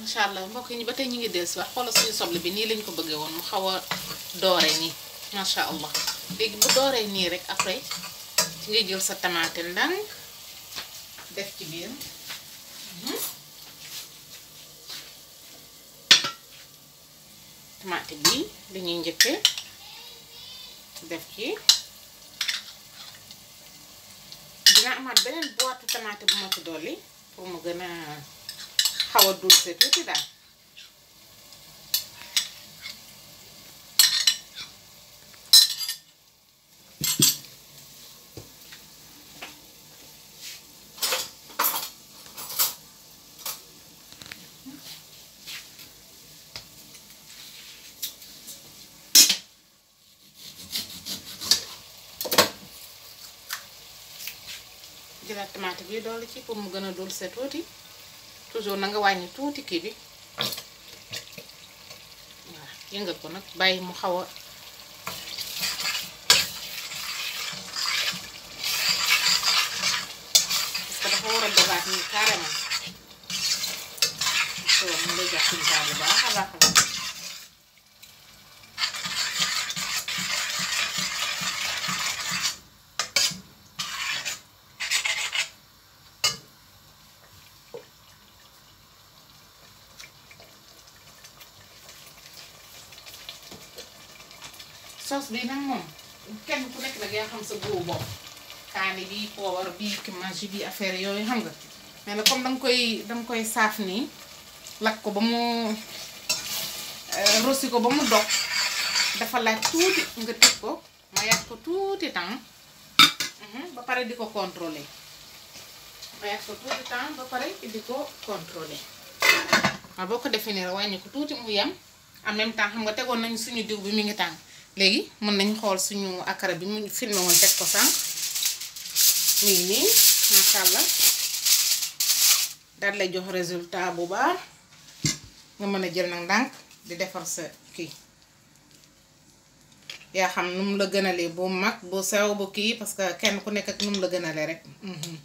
inshallah mbokk ñi batay ñi ngi dess wax xol suñu soble bi ni lañ ko bëgge won mu xawa a ni nii macha allah léegi bu dooree ni rek après ci ngay jël sa tamaate ndang def ci biir mhm. tamaate bi dañuy ñëkke def ci dina amat benen boîte tamaate bu ma ci doli pour mu gëna xaw a dulse Jadi daal jëlaat dulu sih, dolli ci pour mu toujours na nga wàññi tuuti kii bi waaw yëngal ko nag bàyyi mu xaw a parce que dafa war a dogaat nii carrément so mu lay jàpp bu baax a bi nag moom kenn ku nekk nag yaa xam sa góob bopp kaani bi poobar bi kimage bi affaire yooyu xam nga mais na comme danga koy danga koy saaf nii lakk ko ba mu euh, rosi ko ba mu dog dafa laaj tuuti nga tëj ko ma yàq ko tuuti mhm, ba pare di ko contrôler ma yàq ko ba pare di ko contrôler waaw boo ko defee nii wàññi ko tuuti mu yem en même temps xam nga tegoon nañu suñu diw bi mi ngi tàng léegi mën nañ xool suñu akara bi mu filmé woon teg ko sànq mi ngi nii macha allah daal lay jox résultat bu baax nga mën a jël nag ndànk di defar sa kii yaa xam nu mu la gënalee bu mag bu sew bu kii parce que kenn ku nekk ak nu mu la gënalee rek mhm.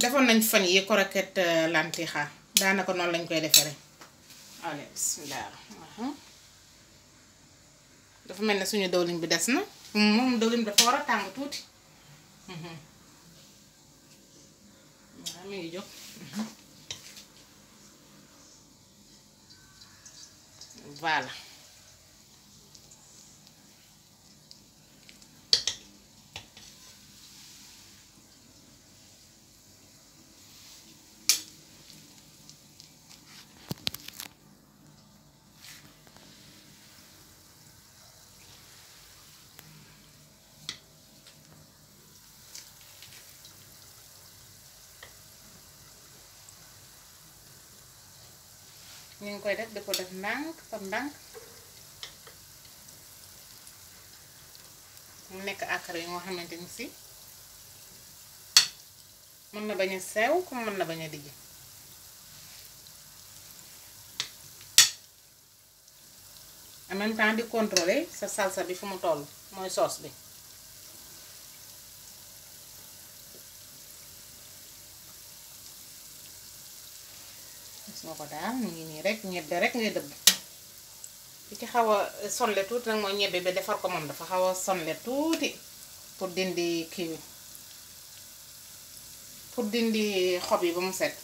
defoon nañ fan yi croquette euh, lentille daanaka noonu lañ koy defee allez uh-huh. dafa mel ne suñu dawlin bi des na moom dawlin bi dafa war a tàng tuuti waaw uh-huh. mi ngi jóg uh-huh. voilà ñu ngi koy def di ko def ndànk par ndànk mu nekk akara yi nga xamante ni si mën na bañ a sew comme mën na bañ a digg en même di contrôler sa salsa bi fu mu toll mooy soos bi gis nga ko daal mu ngi nii rek ñebbe rek ngay dëbb li ci xaw a sonle tuuti nag mooy ñebbe ba defar ko moom dafa xaw a sonle tuuti pour dindi kii pour dindi xob yi ba mu set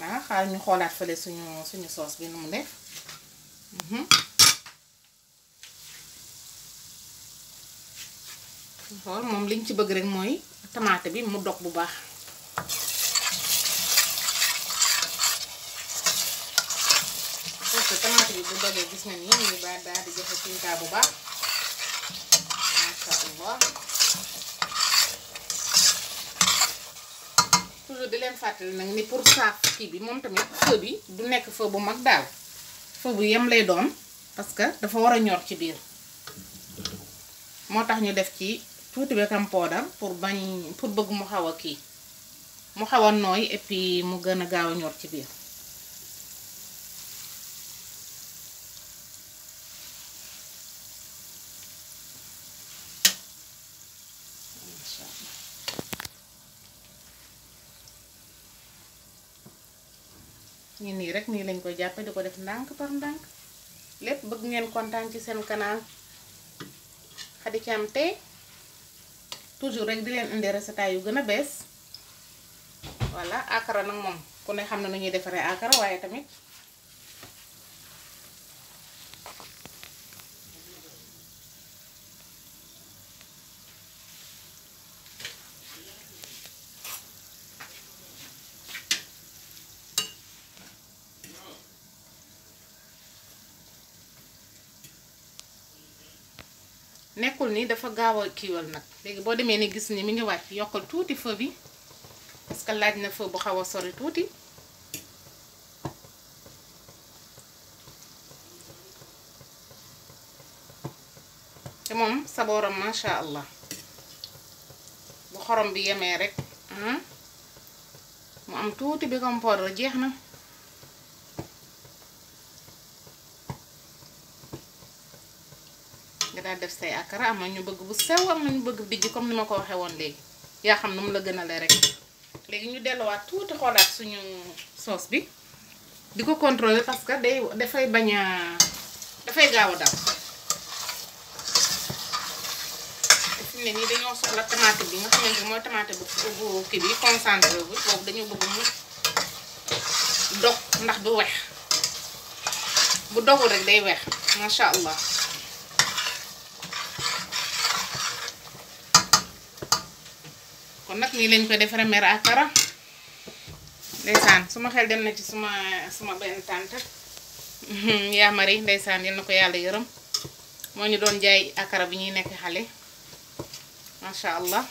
waaw xaar ñu xoolaat fële suñu suñu soos bi nu mu def moom liñ ci bëgg rek mooy tamaate bi mu dog bu baax parce que tamaate bi gis na ni ñu di joxe bu baax macha allah leen fàttali nag ni pour saaf kii bi moom tamit feu du nekk feu bu mag daal feu yem lay doom parce que dafa war a ñor ci biir moo tax ñu def ci tuuti be kam poodam pour bañ pour bëgg mu xawa ki mu xawa noy et puis mu gëna gaaw ñor ci biir ñu ni rek ni lañ koy jappé diko def ndank par ndank lepp bëgg ngeen kontaan ci seen canal ci am Tey toujours rek di leen indi recette yu gën a bees voilà akara nag moom ku ne xam na nu ñuy defaree akara waaye tamit nekkul nii dafa gaaw a kiiwal nag léegi boo demee ni gis ni mi ngi wàcc yokkal tuuti feu bi parce que laaj na feu bu xaw a sori tuuti te moom sabooram macha allah bu xorom bi yemee rek hmm, mu am tuuti bi comme poudre jeex na da def say akara am na ñu bëgg bu sew am na ñu bëgg dijj comme nima ko waxé won légui ya xam nu mu la gënalé rek légui ñu déllu delluwaat tuuti xolaat suñu sauce bi diko contrôler parce que day da fay baña da fay gawa daw fi ni dañu soxla tomate bi nga xamante ne mooy tomate bu bu ki bi concentré bi boobu dañu bëgg mu dox ndax du weex bu doxul rek day weex macha allah. kon nag nii lañ ko defaree mère akara ndeysaan su ma xel dem na ci suma suma benn tante yaa mari ndeysaan yal na ko yàlla yërëm moo ñu doon jaay akara bi ñuy nekk xale macha allah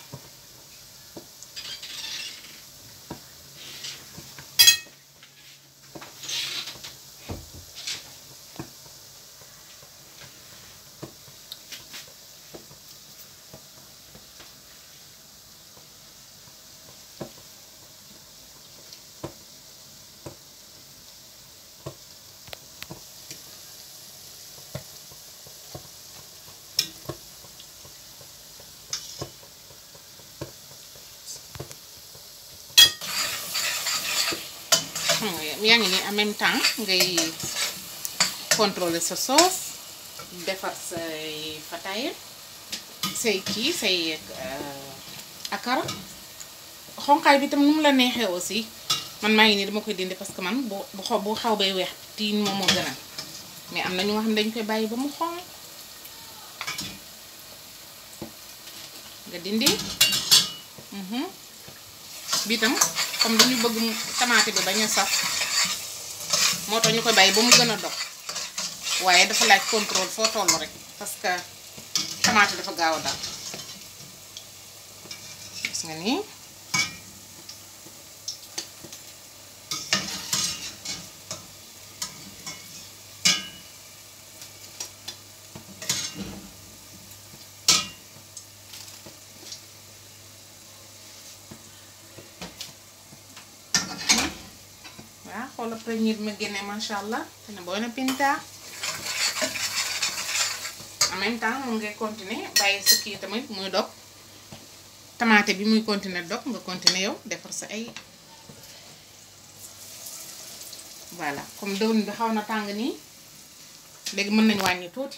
yang ini en même temps ngay contrôler sa sauce defar say fataaya say kii say akara xonqaay bi tam nu la nexé aussi man maa ngi nii dama koy dindi parce que man bu bu xaw bay wéx tin moom moo gënal mais amna ñu xam dañ koy bayyi ba mu xonq nga dindi hmm bi tam comme dañu bëgg tamaate bi baña sax moo tax ñu ko bàyyi ba mu gën a dox waaye dafa laaj contrôle foo toll rek parce que tomate dafa gaaw a dal gis nga nii waaw xoolal première ma génne macha allah dina buena pinta en même temps mun ngay continuer bàyyi sa kii tamit muy dog tamaate bi muy continuer dog nga continuer yow defar sa ay voilà comme dëwlin bi xaw na tàng nii léegi mën nañu wàññi tuuti.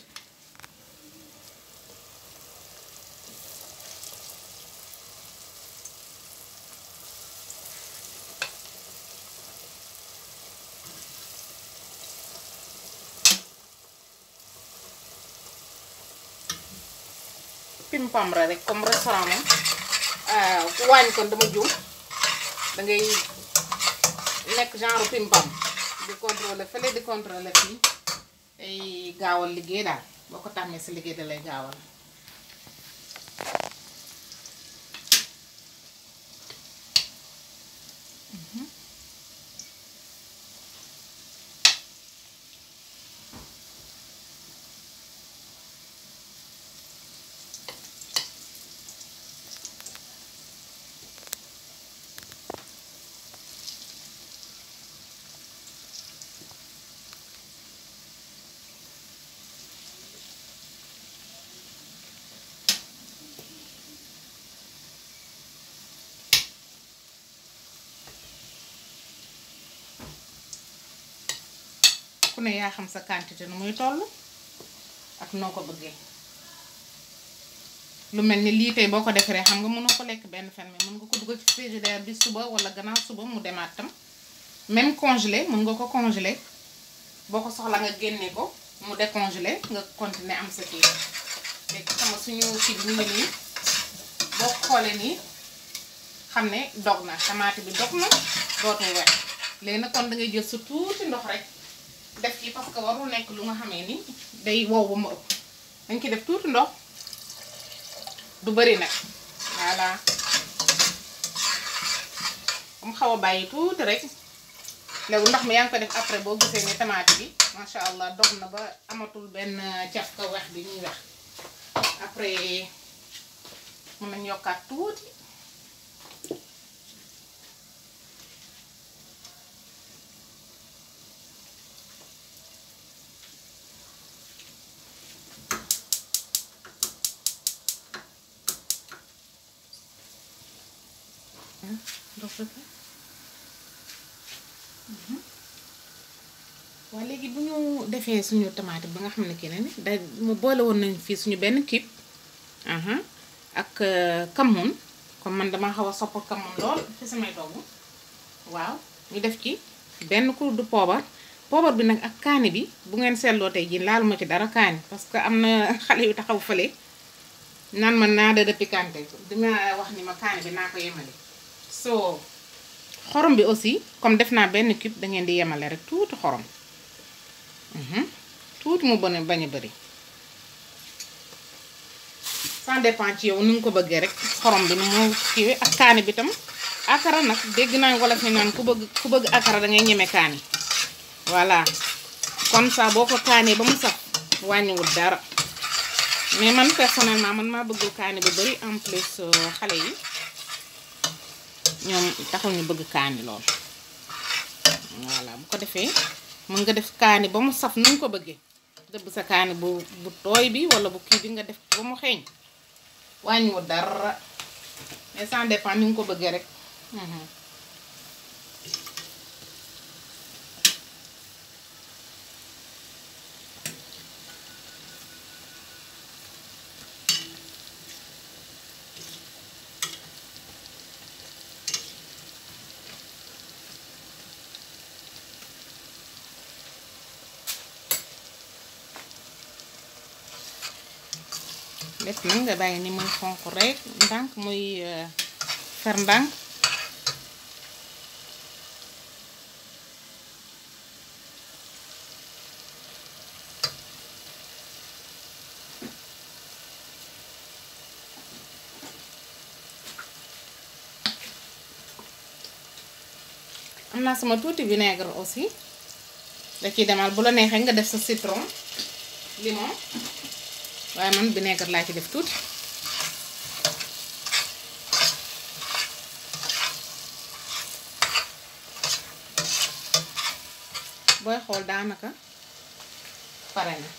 pimpam la rek comme restaurant moom ku euh, wàññi kon dama juum da nekk genre pimpam di contrôler fële di contrôler fii ay gaawal liggéey daal boo ko tàmmee sa liggéey da lay gaawal. ne ya xam sa quantité nu muy toll ak noo ko bëggee lu mel ni lii tey boo ko defaree xam nga mënoo ko lekk benn fen mais mën nga ko dugal ci frigidaire bi suba wala gannaaw suba mu demaat tam même congelé mën nga ko congelé boo ko soxla nga génne ko mu décongelé nga continuer am sa kii léegi sama suñu kii bi ñu ngi nii boo xoolee nii xam ne dog na tamaate bi dog na dootul wex léegi nag kon da ngay jël sa tuuti ndox rek def ci parce que warul nekk lu nga xamee ni day wow ba ma ëpp dañ ci def tuuti ndox du bëri nag voilà comme xaw a bàyyi rek léegi ndox mi yaa ko def après boo gisee ne tamaate bi macha allah dog na ba amatul benn euh, caf ka weex bi ñuy weex après mën nañ yokkaat trophée mhm. léegi bu ñu defee suñu tamaate ba nga xam ne kii na ni da mu boole woon nañu fii suñu benn kib ak euh, kamoon comme man dama xaw a sopp kamoon lool ci samay togg waaw ñu def ci benn kur du poobar poobar bi nag ak kaani bi bu ngeen seetloo tey jii laaluma ci dara kaani parce que am na xale yu taxaw fële naan ma naa de de piquante dinaa wax ni ma kaani bi naa ko yemale so xorom bi aussi comme def naa benn cube da ngeen di yemale rek tuuti xorom mhm. tuuti mu bon bañ a bëri ça dépend ci yow ni nga ko bëggee rek xorom bi ni mu kiiwee ak kaani bi tam akara nag dégg naa wolof ni naan ku bëgg ku bëgg akara da ngay ñeme kaani voilà comme sax boo ko kaanee ba mu sax wàññiwul dara mais man personnellement man maa bëggul kaani bu bëri en plus euh, xale yi. ñoom taxul ñu bëgg kaani lool voilà bu ko defee mën nga def kaani ba mu saf nu ko bëggee dëbb sa kaani bu bu tooy bi wala bu kii bi nga def ba mu xeeñ wàññiwul dara mais ça dépend ni nga ko bëggee rek mhm. def nag nga bay ni muy xonq rek ndank muy fer ndank amna sama touti vinaigre aussi da ci demal bu la nexe nga def sa citron limon waaye man vinaigre laa ci def tuuti booy xool daanaka pare na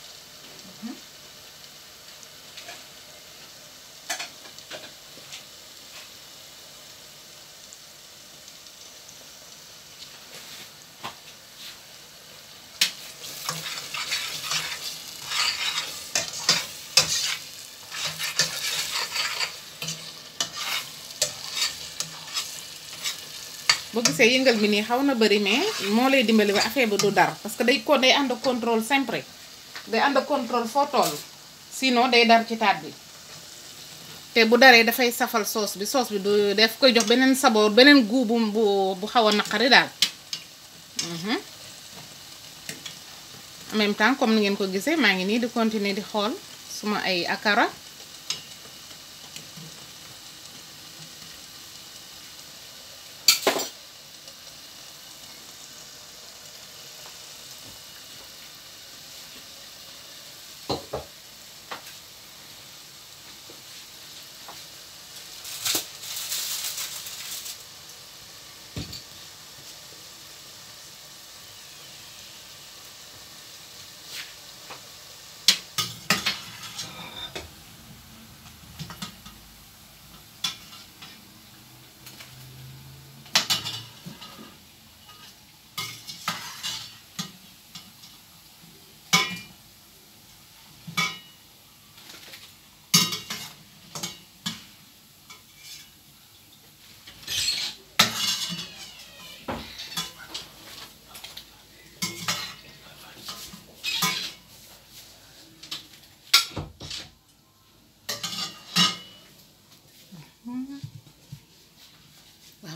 boo gisee yëngal mi nii xaw na bëri mais moo lay dimbali ba affaire bi du dar parce que day ko day ànd contrôle simple day ànd contrôle foo toll sinon day dar ci taat bi te bu daree dafay safal sauce bi sauce bi du def koy jox beneen sabor beneen goût bu bu xaw a naqari daal mhm. en même temps comme ni ngeen ko gisee maa ngi nii di continuer di xool suma ay akara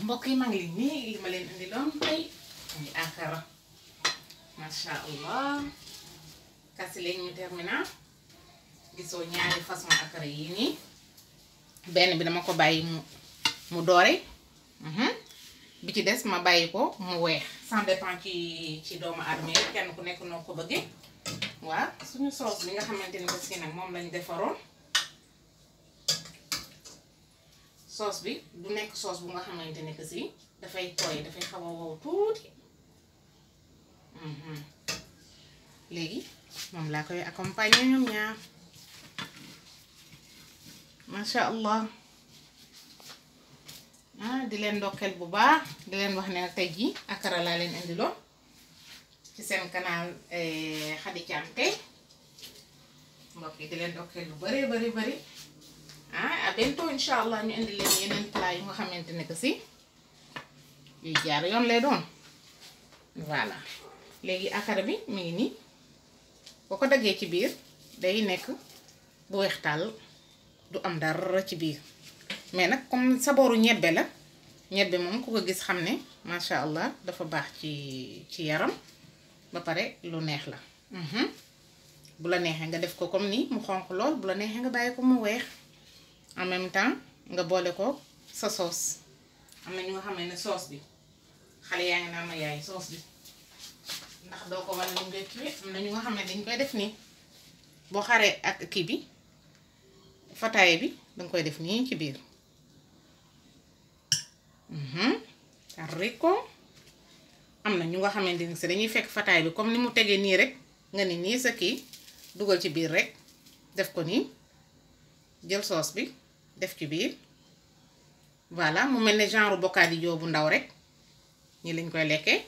mbokk yi mag ngi leen nii ma leen indi doon tey muy akara macha allah kasi leen ñu terminal gisoo ñaari façon akara yii nii benn bi dama ko bàyyi mu mu doore mhm. bi ci des ma bàyyi ko mu weex sans dépend ci ci doomu aadama yi kenn ku nekk noo ko bëggee waaw suñu soos bi nga xamante ni bés ki nag moom lañ defaroon sauce bi du nek sauce bu nga ke si da fay toy da fay xawa waw tout hmm legui mom la koy accompagner ñoom ñaar sha allah ah di len dokkel bu ba di len wax ne tay ji akara len andi lo ci sen canal eh, Khady Thiam tey mbokk di len dokkel lu bari bari bari ah à bientôt allah ñu indi leen yeneen plat yu nga xamante ne que si yuy jaar yoon lay doon voilà léegi akara bi mu ngi nii boo ko daggee ci biir day nekk bu weex tàll du am dara ci biir mais nag comme sabooru ñebbe la ñebbe moom ku ko gis xam ne macha allah dafa baax ci ci yaram ba pare lu neex la mhm. bu la neexee nga def ko comme nii mu xonq lool bu la neexee nga bàyyi ko mu weex. en même temps nga boole ko sa soos am na ñu nga xam ne soos bi xale yaa ngi naan ma yaay soos bi ndax doo ko wala ñu ngay na ñu nga xam ne koy def nii boo xaree ak kii bi fataay bi danga koy def nii ci biir mhm. rico am na ñu nga xamante ni si dañuy fekk fataay bi comme ni mu tegee nii rek nga ni nii sa kii dugal ci biir rek def ko nii jël soos bi def ci biir voilà mu mel ne genre bokkaadi joo bu ndaw rek ñi lañ koy lekkee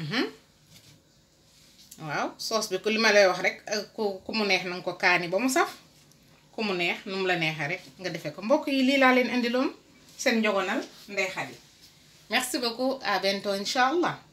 mhm. waaw soos bi ku li ma lay wax rek euh, ku ku mu neex nanga ko kaani ba mu saf ku mu neex nu mu la neexee rek nga defee ko mbokk yi lii laa leen indiloon seen njogonal Ndeye yi merci beaucoup à bientôt incha allah